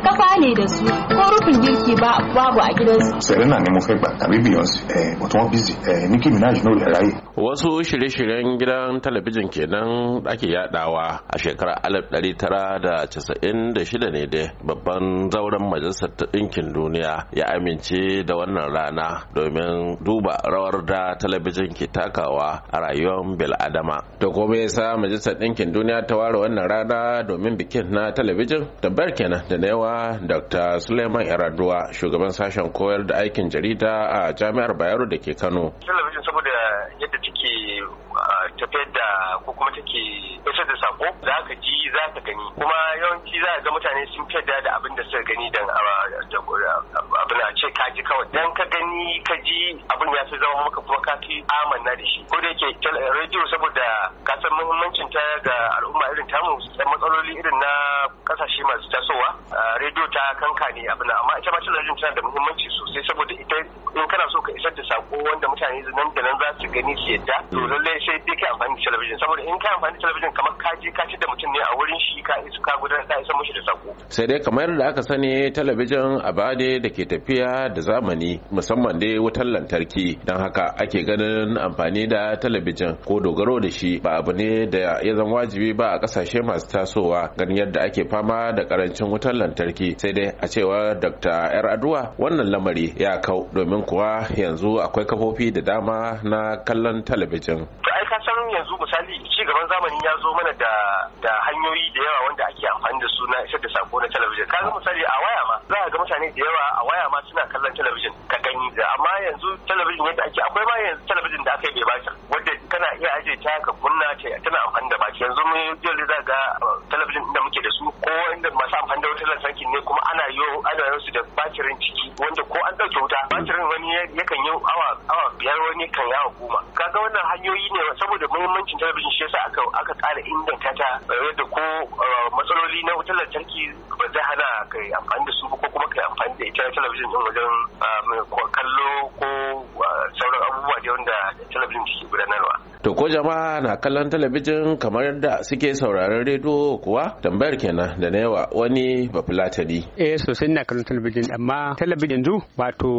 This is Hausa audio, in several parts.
kafa ne da su ko rufin girki ba babu a gidansu serena ne mo fẹ́ gbà tàbí beyonce eh wato wọn busy ẹ eh, nicki minaj n'o rẹ rai. wasu shirye-shiryen gidan talabijin kenan ake yadawa a shekarar 1996 ne dai babban zauren majalisar ta ɗinkin duniya ya amince da wannan rana domin duba rawar da talabijin ke takawa a rayuwar bil'adama da kuma yasa majalisar ɗinkin duniya ta ware wannan rana domin bikin na talabijin tabbar kenan da na yawa kuwa dr suleiman iraduwa shugaban sashen koyar da aikin jarida a jami'ar bayero da ke kano talabijin saboda yadda take uh, tafiyar da ko kuma take isar da sako za ka ji za ka gani kuma yawanci za ga mutane sun fiyar da abin da suka gani dan uh, uh, abin a ce ka ji kawai dan ka gani ka ji abin ya fi zama maka kuma ka fi amanna da shi ko da yake rediyo saboda ka san muhimmancin ta ga al'umma irin tamu matsaloli irin na kasashe masu tasowa rediyo ta kanka ne abin amma ita ma talabijin tana da muhimmanci sosai saboda ita in kana so ka isar da sako wanda mutane nan da nan za su gani su yadda to lallai sai dai ka amfani da talabijin saboda in ka amfani da talabijin kamar ka je ka ci da mutum ne a wurin shi ka isa ka gudanar da isar mushi da sako sai dai kamar da aka sani talabijin a ne da ke tafiya da zamani musamman dai wutar lantarki don haka ake ganin amfani da talabijin ko dogaro da shi ba abu ne da ya zama wajibi ba a kasashe masu tasowa ganin yadda ake fama fama da karancin wutar lantarki sai dai a cewa dr yar aduwa wannan lamari ya kau domin kuwa yanzu akwai kafofi da dama na kallon talabijin san yanzu misali ci gaban zamani ya zo mana da hanyoyi da yawa wanda ake amfani da su na isar da sako na talabijin ka ga misali a waya ma za a ga mutane da yawa a waya ma suna kallon talabijin ka gani da amma yanzu talabijin yadda ake akwai ma yanzu talabijin da aka yi bai bashir wanda tana iya ajiye ta ka kunna ce tana amfani da baki yanzu mu jeli za ga uh, talabijin da muke da su ko inda masu amfani da wutar lantarki ne kuma ana yi ana yi su da batirin ciki wanda ko an dauke wuta batirin wani yakan yi awa awa biyar wani kan yawa goma kaga wannan hanyoyi ne saboda muhimmancin talabijin shi yasa aka aka ƙara inganta ta uh, yadda ko uh, matsaloli na wutar lantarki ba zai hana kai amfani da su ko kuma kai amfani da ita talabijin din wajen kallo To ko jama'a na kallon talabijin kamar yadda suke sauraron rediyo kuwa tambayar kenan da na yawa wani bafulatani. Eh sosai na kallon talabijin amma talabijin du wato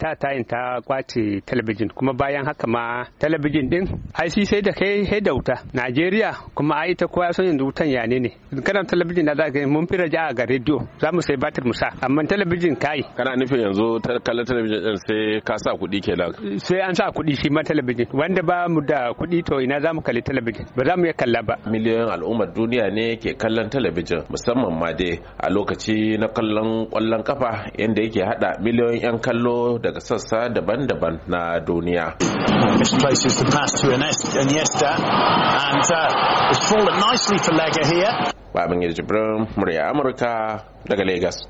ta tayin ta kwace talabijin kuma bayan haka ma talabijin din ai si sai da kai sai da wuta. Najeriya kuma ai ta kowa son yanzu wutan ya ne ne. Kana talabijin na za ka mun fi raja ga rediyo za mu sai batir mu sa amma talabijin kai. Kana nufin yanzu kallon talabijin din sai ka sa kuɗi kenan. Sai an sa kuɗi shi ma talabijin wanda ba mu da kuɗi to ina za mu kalli talabijin ba za mu iya kalla ba miliyoyin al'ummar duniya ne ke kallon talabijin musamman ma dai a lokaci na kallon kwallon kafa yadda yake haɗa miliyoyin 'yan kallo daga sassa daban-daban na duniya uh, Babin Yajibirin murya Amurka daga Legas.